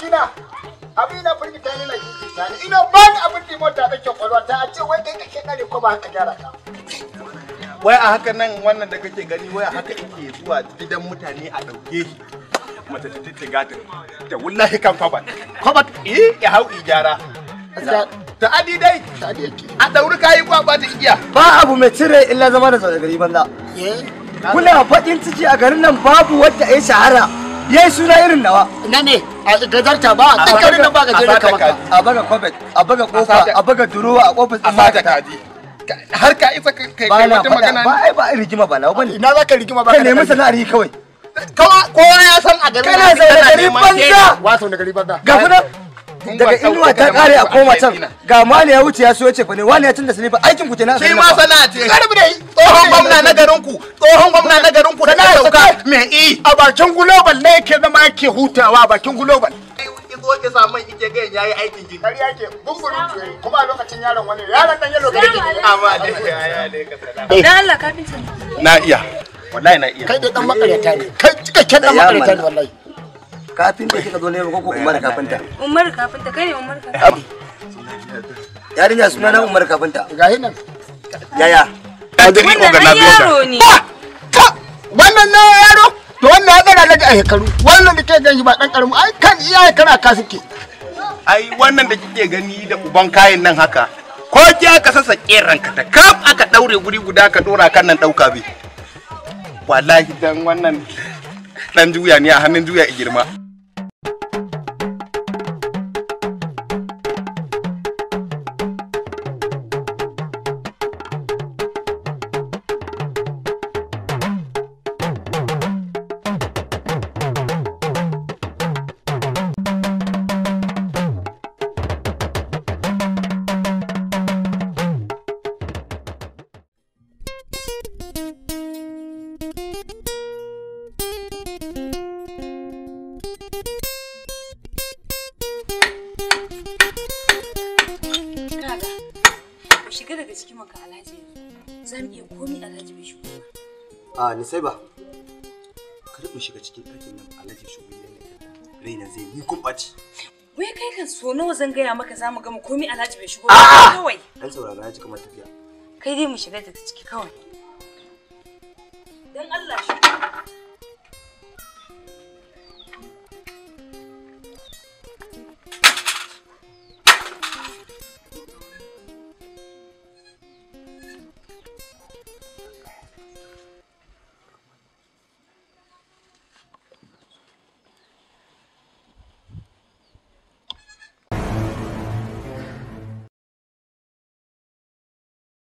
abokina abin na firgita ni na ina ba ni abin da mota da kwalwa ta a ce wai kai kake ko ba haka gyara ka wai a haka nan wannan da kake gani wai a haka yake zuwa gidan mutane a dauke shi mata ta wallahi kan kwabat kwabat eh ya hau gyara ta adi dai a dauri kayi kwaba ta ba abu mai cire illa zama da banza eh? kuna faɗin ciki a garin nan babu wadda ya shahara yayi suna irin nawa na ne a gazarta ba a kankare nan ba gajere kamar a baga kofet a baga kofa a baga durowa a kofar a sata kaji har ka isa kai kai wata magana ba ai ba rigima ba lawa bane ina zaka rigima ba ka nemi sana'ar yi kawai kowa ya san a garin kana zaune gari banza wato da gari banza ga kuna daga inuwa ta kare a koma can ga mali ya wuce ya so ya ce fa ne wani ya canza sani ba aikin ku kenan sai ma sana'a ce garbi dai tsohon gwamna na garin ku tsohon gwamna na garin ku da sauka me i a bakin global ne yake zama yake hutawa bakin global na iya wallahi na iya kai dan ne kai cikakken dan ne wallahi kika zo ne ko ko umar kafinta umar kafinta kai umar kafinta yarinya suna na umar kafinta ga hinan yaya kadiri ogana biyo a shekaru wannan da ke gani ba dan karamu ai kan iyaye kana ka suke ai wannan da kike gani da uban kayan nan haka ko ki aka sasa ka ta kaf aka daure guri guda ka dora kan nan dauka bi wallahi dan wannan dan juya ne a hannun juya girma daga cikin maka alhaji za mu iya komi alhaji bai shigo A ni ba. Kar in shiga cikin ɗakin nan alhaji shigo ne raina zai yi kun ɓaci. Wai kai kan so nawa zan gaya maka za mu gama komi alhaji Mai shigo kawai. Dan saurara ya ji kamar tafiya. Kai dai mu shiga da ciki kawai. Dan Allah shi.